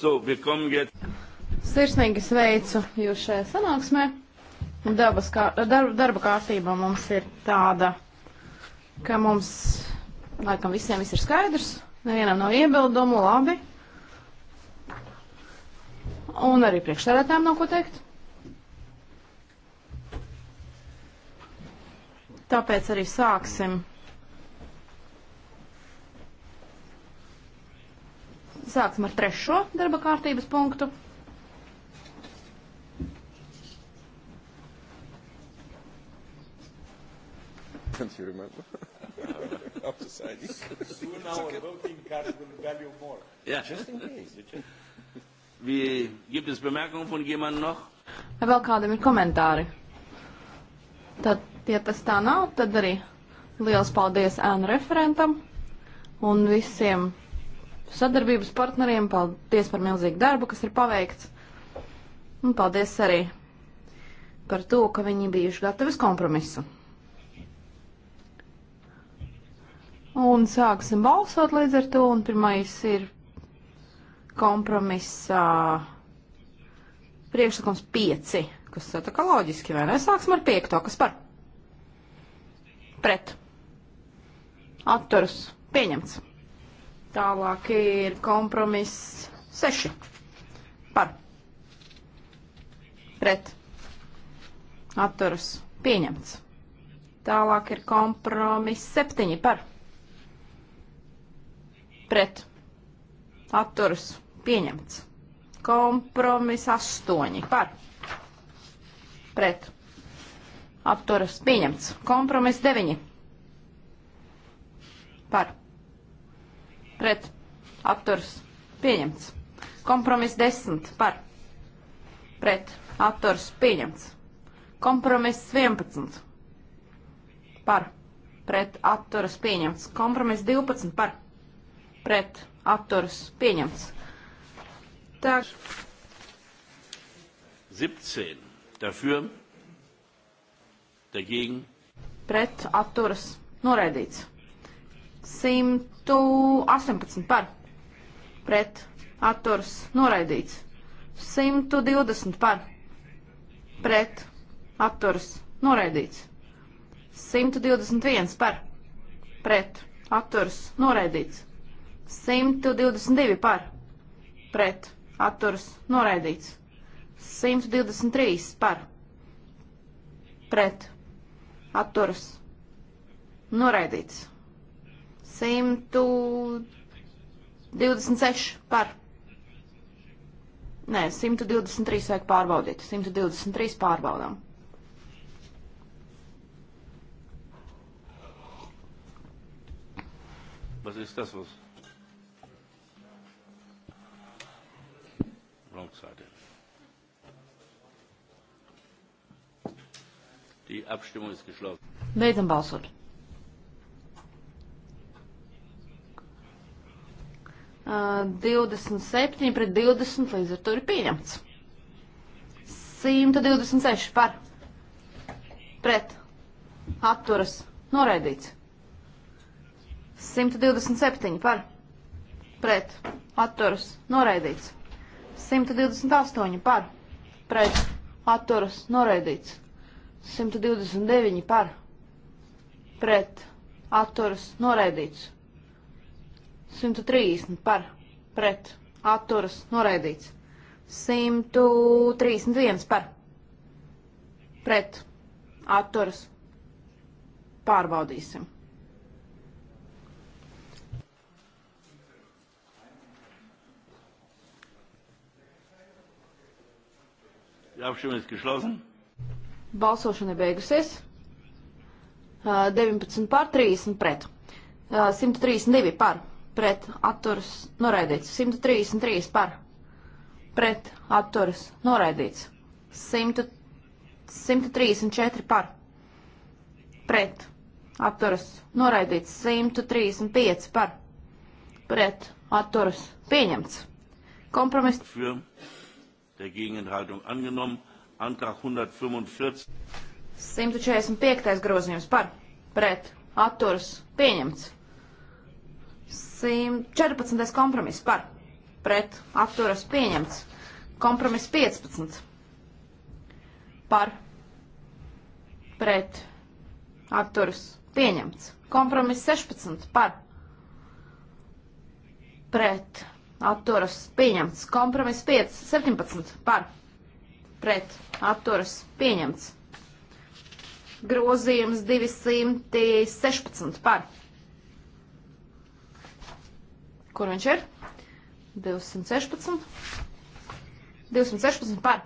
So, jetzt... Sirsnīgi sveicu jūs šajā sanāksmē. Dabas kā, darba, darba kārtība mums ir tāda, ka mums, laikam, visiem viss ir skaidrs, nevienam nav iebildumu, labi. Un arī priekšsēdētājiem nav ko teikt. Tāpēc arī sāksim Sāksim ar trešo darba kārtības punktu. Don't you remember? I'm deciding. Soon our okay. voting cards will value more. Yeah. Just in case. Wie, gibt es Bemerkungen von jemandem noch? Vai vēl kādam ir komentāri? Tad, ja tas tā nav, tad arī liels paldies ēnu referentam un visiem sadarbības partneriem. Paldies par milzīgu darbu, kas ir paveikts. Un paldies arī par to, ka viņi bijuši gatavi kompromisu. Un sāksim balsot līdz ar to, un pirmais ir kompromisa priekšlikums pieci, kas ir tā kā loģiski, vai ne? Sāksim ar piekto, kas par? Pret. Atturas. Pieņemts. Tālāk ir kompromiss 6 par pret atturas pieņemts. Tālāk ir kompromiss 7 par pret atturas pieņemts. Kompromiss 8 par pret atturas pieņemts. Kompromiss 9 par pret apturs pieņemts. Kompromiss 10 par pret apturs pieņemts. Kompromiss 11 par pret apturs pieņemts. Kompromiss 12 par pret apturs pieņemts. Tā. 17 dafür, dagegen. Pret atturas noraidīts. 100. 118 par pret atturs noraidīts. 120 par pret atturs noraidīts. 121 par pret atturs noraidīts. 122 par pret atturs noraidīts. 123 par pret atturs noraidīts. 126 par. Nē, 123 vajag pārbaudīt. 123 pārbaudām. Was ist das, was? Wrong-Seite. Die Abstimmung ist geschlossen. Beidzam balsot. 27 pret 20 līdz ar to ir pieņemts. 126 par pret atturas noraidīts. 127 par pret atturas noraidīts. 128 par pret atturas noraidīts. 129 par pret atturas noraidīts. 130 par pret atturas noraidīts. 131 par pret atturas pārbaudīsim. Balsošana beigusies. 19 pār 30 pret. 132 uh, par pret atturas noraidīts. 133 par pret atturas noraidīts. 100, 134 par pret atturas noraidīts. 135 par pret atturas pieņemts. Kompromiss. Der Gegenenthaltung angenommen. Antrag 145. 145. grozījums par pret atturas pieņemts. 114. kompromiss par pret atturas pieņemts. Kompromiss 15 par pret atturas pieņemts. Kompromiss 16 par pret atturas pieņemts. Kompromiss 5, 17 par pret atturas pieņemts. Grozījums 216 par pret Kur viņš ir? 216. 216 par.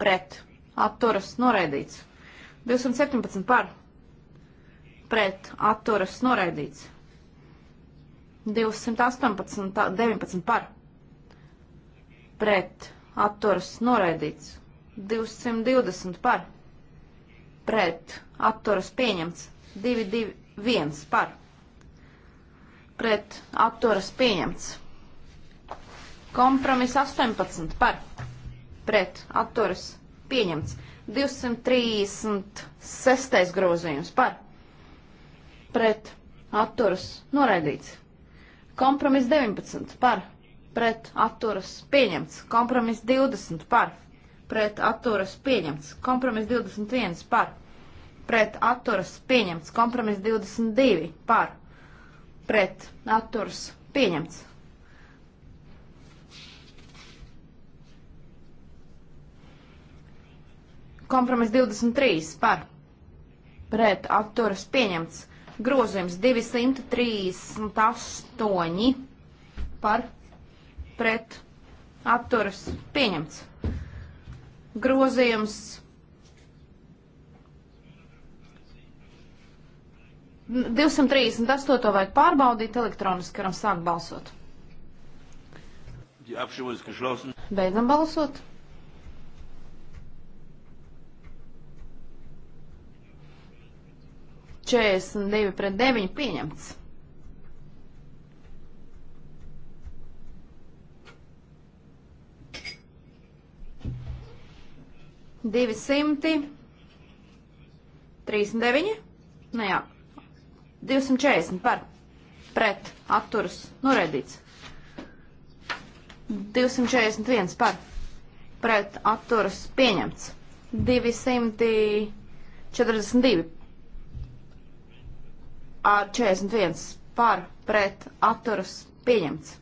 Pret. Atturas noraidīts. 217 par. Pret. Atturas noraidīts. 218, 19 par. Pret. Atturas noraidīts. 220 par. Pret. Atturas pieņemts. 221 par pret apturas pieņemts. Kompromiss 18 par pret apturas pieņemts. 236. grozījums par pret apturas noraidīts. Kompromiss 19 par pret apturas pieņemts. Kompromiss 20 par pret apturas pieņemts. Kompromiss 21 par pret apturas pieņemts. Kompromiss 22 par pret atturs pieņemts. Kompromis 23 par pret atturas pieņemts. Grozījums 238 par pret atturas pieņemts. Grozījums 238. 238. vajag pārbaudīt elektroniski, varam sākt balsot. Beidzam balsot. Četrdesmit divi pret deviņi pieņemts. Divi simti trīsdesmit deviņi. Nē, nu jā. 240 par pret atturas noraidīts. 241 par pret atturas pieņemts. 242 ar 41 par pret atturas pieņemts.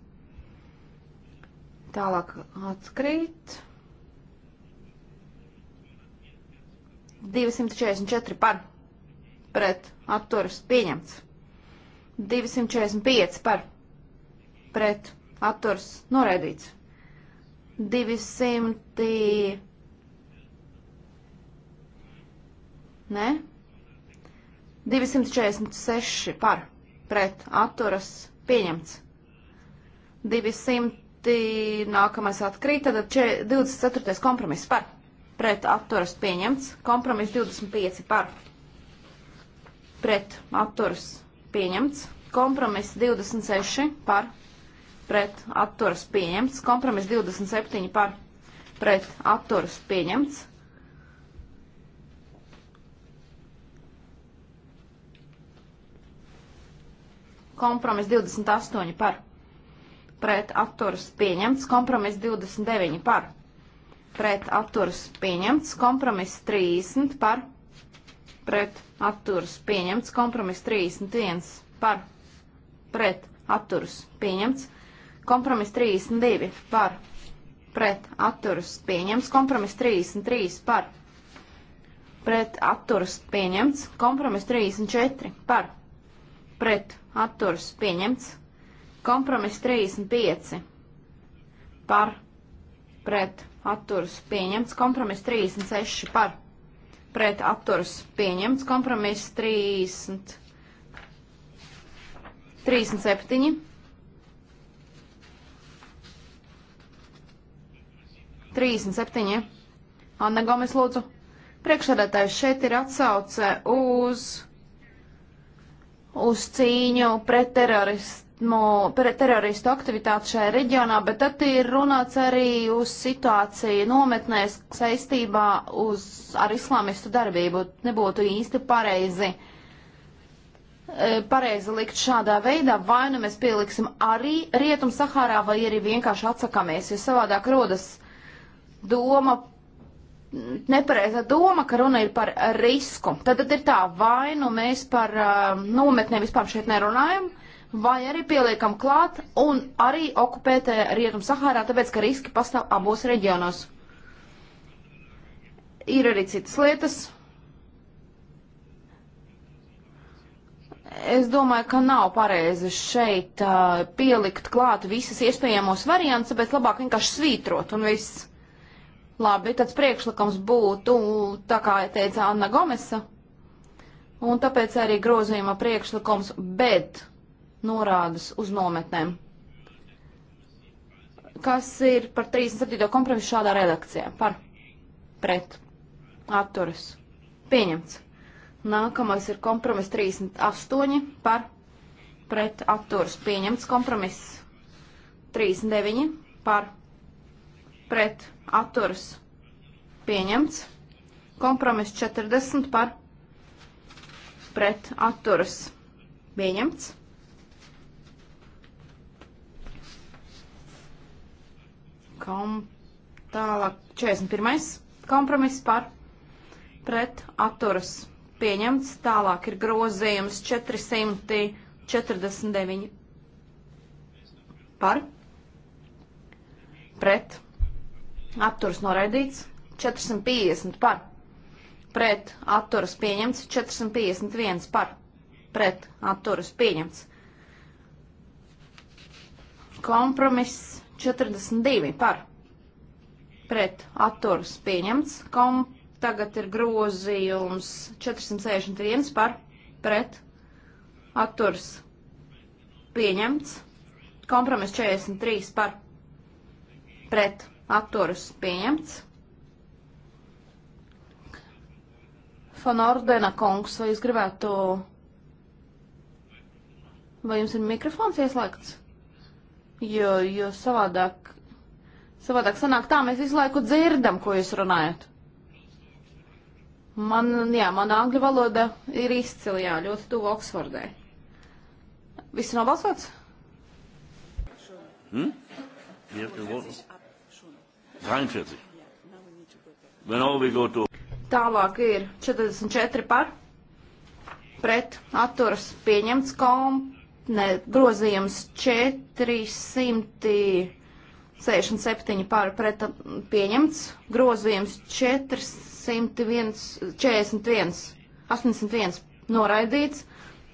Tālāk atkrīt. 244 par pret atturas pieņemts. 245 par pret atturas noraidīts. 200. Nē? 246 par pret atturas pieņemts. 200 nākamais atkrīt, tad 24. kompromiss par pret atturas pieņemts. Kompromiss 25 par pret pret atturas pieņemts. Kompromiss 26 par pret atturas pieņemts. Kompromiss 27 par pret atturas pieņemts. Kompromiss 28 par pret atturas pieņemts. Kompromiss 29 par pret atturas pieņemts. Kompromiss 30 par pret pret atturas pieņemts. Kompromiss 31 par pret atturas pieņemts. Kompromiss 32 par pret atturas pieņemts. Kompromiss 33 par pret atturas pieņemts. Kompromiss 34 par pret atturas pieņemts. Kompromiss 35 par pret atturas pieņemts. Kompromiss 36 par pret pret apturus pieņemts. Kompromiss 30, 37. 37. Anna Gomes lūdzu. Priekšsēdētājs šeit ir atsauce uz, uz cīņu pret teroristu no teroristu aktivitāti šajā reģionā, bet tad ir runāts arī uz situāciju nometnēs saistībā uz, ar islāmistu darbību. Nebūtu īsti pareizi, e, pareizi likt šādā veidā, vai nu mēs pieliksim arī Rietum Sahārā, vai arī vienkārši atsakamies, jo savādāk rodas doma, nepareiza doma, ka runa ir par risku. Tad, tad ir tā, vai nu mēs par uh, nometnēm vispār šeit nerunājam, vai arī pieliekam klāt un arī okupēt eh, Rietum Sahārā, tāpēc, ka riski pastāv abos reģionos. Ir arī citas lietas. Es domāju, ka nav pareizi šeit uh, pielikt klāt visas iespējamos variants, tāpēc labāk vienkārši svītrot un viss. Labi, tāds priekšlikums būtu, tā kā teica Anna Gomesa, un tāpēc arī grozījuma priekšlikums, bet norādes uz nometnēm, kas ir par 37. kompromisu šādā redakcijā. Par, pret, atturas, pieņemts. Nākamais ir kompromis 38 par, pret, atturas, pieņemts. Kompromis 39 par, pret, atturas, pieņemts. Kompromis 40 par, pret, atturas, pieņemts. Kom, tālāk 41. kompromiss par pret atturas pieņemts. Tālāk ir grozījums 449 par pret atturas noraidīts. 450 par pret atturas pieņemts. 451 par pret atturas pieņemts. Kompromiss 42 par pret atturas pieņemts. Kom, tagad ir grozījums 461 par pret atturas pieņemts. Kompromiss 43 par pret atturas pieņemts. Fanordena kungs, vai jūs gribētu, vai jums ir mikrofons ieslēgts? jo, jo savādāk, savādāk sanāk tā, mēs visu laiku dzirdam, ko jūs runājat. Man, jā, mana angļu valoda ir izcili, jā, ļoti tuvu Oksfordai. Viss nobalsots? Hmm? 43. To... Tālāk ir 44 par, pret, atturas, pieņemts komp ne, grozījums 467 pār pret pieņemts, grozījums 401, 41, 81 noraidīts,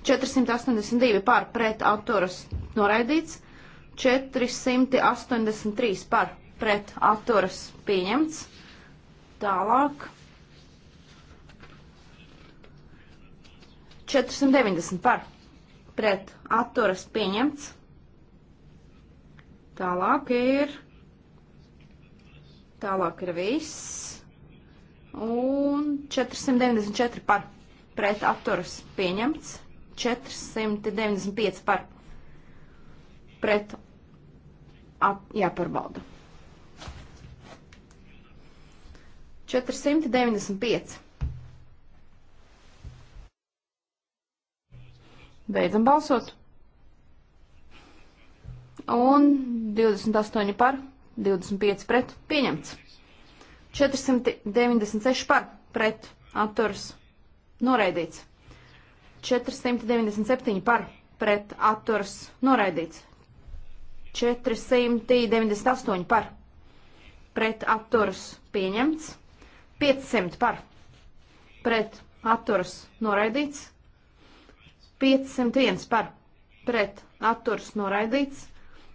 482 pār pret atturas noraidīts, 483 par pret atturas pieņemts. Tālāk. 490 par pret atturas pieņemts. Tālāk ir. Tālāk ir viss. Un 494 par pret atturas pieņemts. 495 par pret at, jāparbauda. 495. Beidzam balsot. Un 28 par, 25 pret, pieņemts. 496 par, pret, atturs, noraidīts. 497 par, pret, atturs, noraidīts. 498 par, pret, atturs, pieņemts. 500 par, pret, atturs, noraidīts. 501 par pret atturs noraidīts,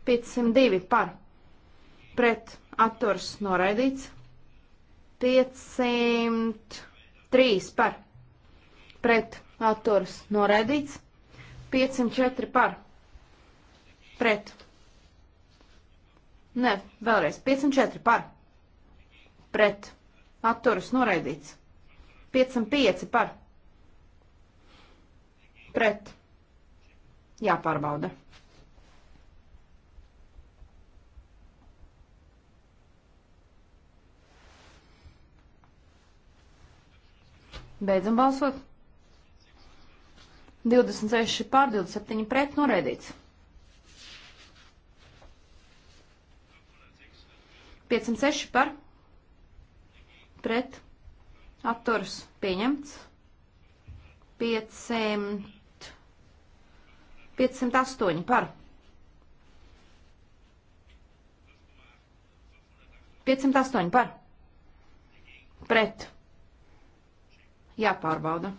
502 par pret atturs noraidīts, 503 par pret atturs noraidīts, 504 par pret. Ne, vēlreiz, 504 par pret atturs noraidīts, 505 par pret pret jāpārbauda. Beidzam balsot. 26 pār 27 pret noraidīts. 506 par pret atturs pieņemts. 500. 508 par. 508 par. Pret. Jāpārbauda.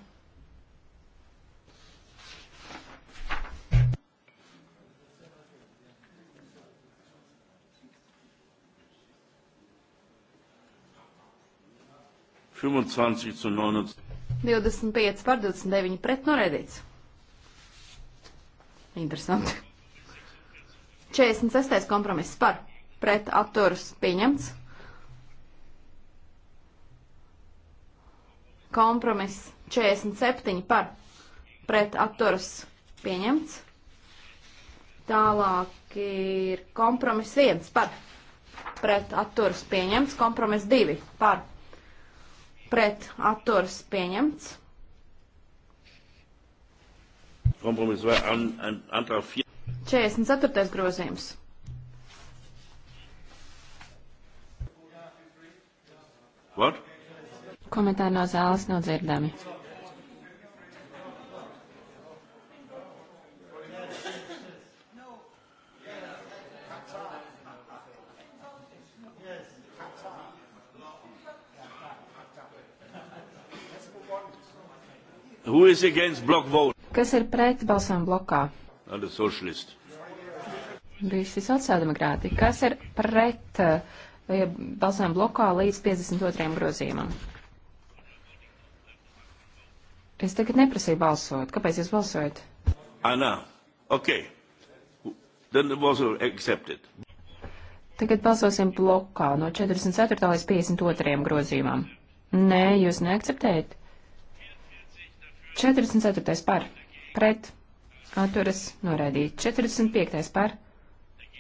Divdesmit pieci par divdesmit deviņi pret norēdīts. Interesanti. 46. kompromiss par pret atturas pieņemts. Kompromiss 47 par pret atturas pieņemts. Tālāk ir kompromiss 1 par pret atturas pieņemts. Kompromiss 2 par pret atturas pieņemts. Kompromiss vai an, an, Antrag 4. 44. grozījums. What? Komentāri no zāles nav dzirdami. Who is against block vote? Kas ir pret balsojumu blokā? Visi sociāldemokrāti. Kas ir pret eh, balsojumu blokā līdz 52. grozījumam? Es tagad neprasīju balsot. Kāpēc jūs balsojat? Anā, ah, ok. Then it was accepted. Tagad balsosim blokā no 44. līdz 52. grozījumam. Nē, jūs neakceptējat? 44. par pret atturas noraidīts. 45. par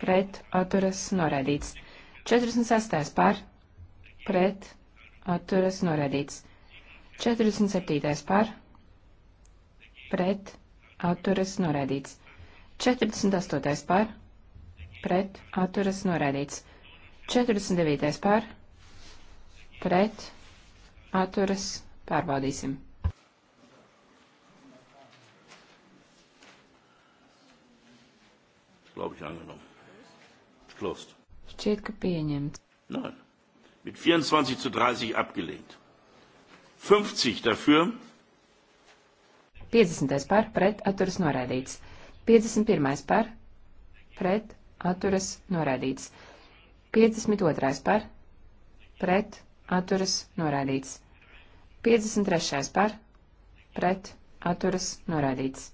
pret atturas noraidīts. 46. par pret atturas noraidīts. 47. par pret atturas noraidīts. 48. par pret atturas noraidīts. 49. par pret atturas pārbaudīsim. ich, angenommen. Closed. Šķiet, ka pieņemts. Nein. Mit 24 zu 30 abgelehnt. 50 dafür. 50. par, pret, atturas noraidīts. 51. par, pret, atturas noraidīts. 52. par, pret, atturas noraidīts. 53. par, pret, atturas noraidīts.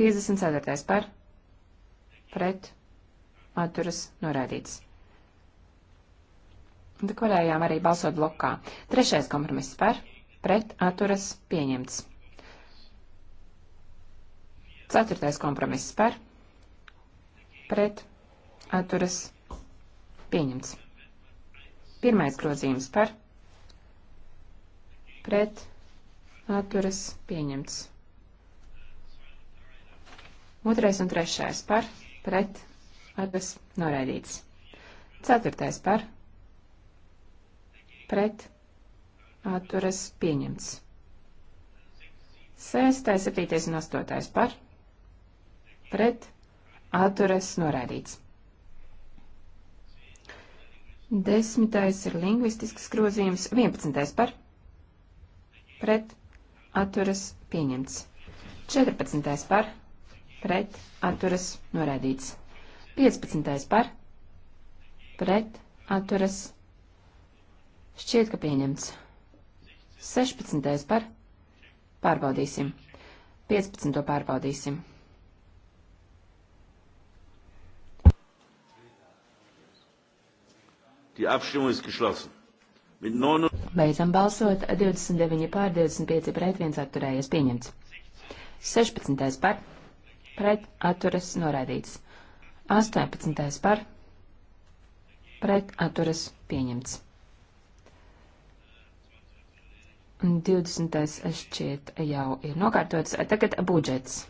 54. par, pret atturas norādīts. Un ko varējām arī balsot blokā. Trešais kompromiss par pret atturas pieņemts. Ceturtais kompromiss par pret atturas pieņemts. Pirmais grozījums par pret atturas pieņemts. Otrais un trešais par pret atturas noraidīts. Ceturtais par pret atturas pieņemts. Sestais, septītais un astotais par pret atturas noraidīts. Desmitais ir lingvistisks grozījums, vienpadsmitais par pret atturas pieņemts. Četrpadsmitais par pret pret, atturas, noraidīts. 15. par, pret, atturas, šķiet, ka pieņemts. 16. par, pārbaudīsim. 15. pārbaudīsim. Die Abstimmung ist geschlossen. Mit 9... Beidzam balsot, 29 pār 25 pret 1 atturējies pieņemts. 16. par pret atturas noraidīts. 18. par pret atturas pieņemts. 20. šķiet jau ir nokārtots. Tagad budžets.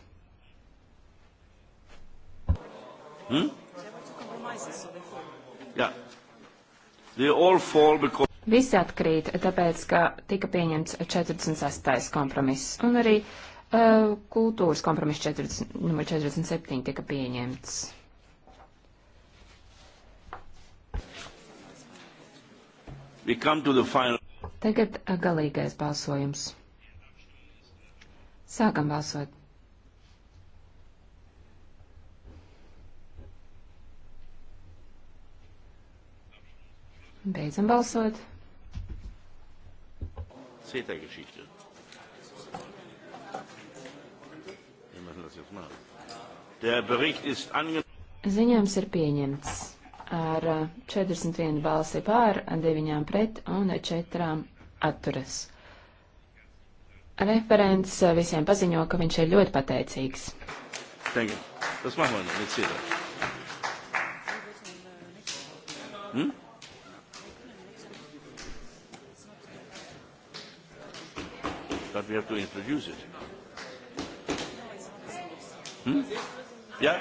Hmm? Yeah. Because... Visi atkrīt, tāpēc, ka tika pieņemts 46. kompromiss un arī Eh, kultūras kompromiss 40, numur 47 tika pieņemts. Tagad eh, galīgais balsojums. Sākam balsot. Beidzam balsot. Sētā geschichte. Ziņojums ir pieņemts ar 41 uh, balsi pār, 9 pret un 4 atturas. Referents uh, visiem paziņo, ka viņš ir ļoti pateicīgs. Thank you. Tas man man ir citādi. Hmm? But we have to introduce it. Hm? Jā,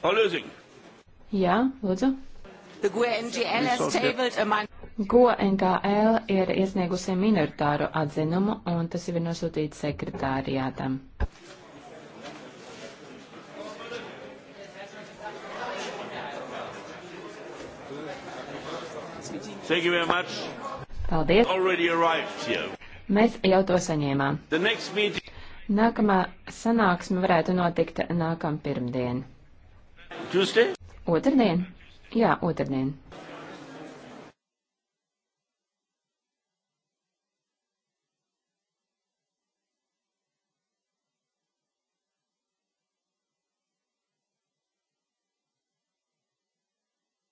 Frau Lösing. Jā, lūdzu. The GUE NGL has tabled a man. GO e NKL ir iesniegusi minoritāru atzinumu, un tas ir nosūtīts sekretārijātam. Paldies! Mēs jau to saņēmām. Nākamā sanāksme varētu notikt nākam pirmdien. Tuesday? Otrdien? Jā, otrdien.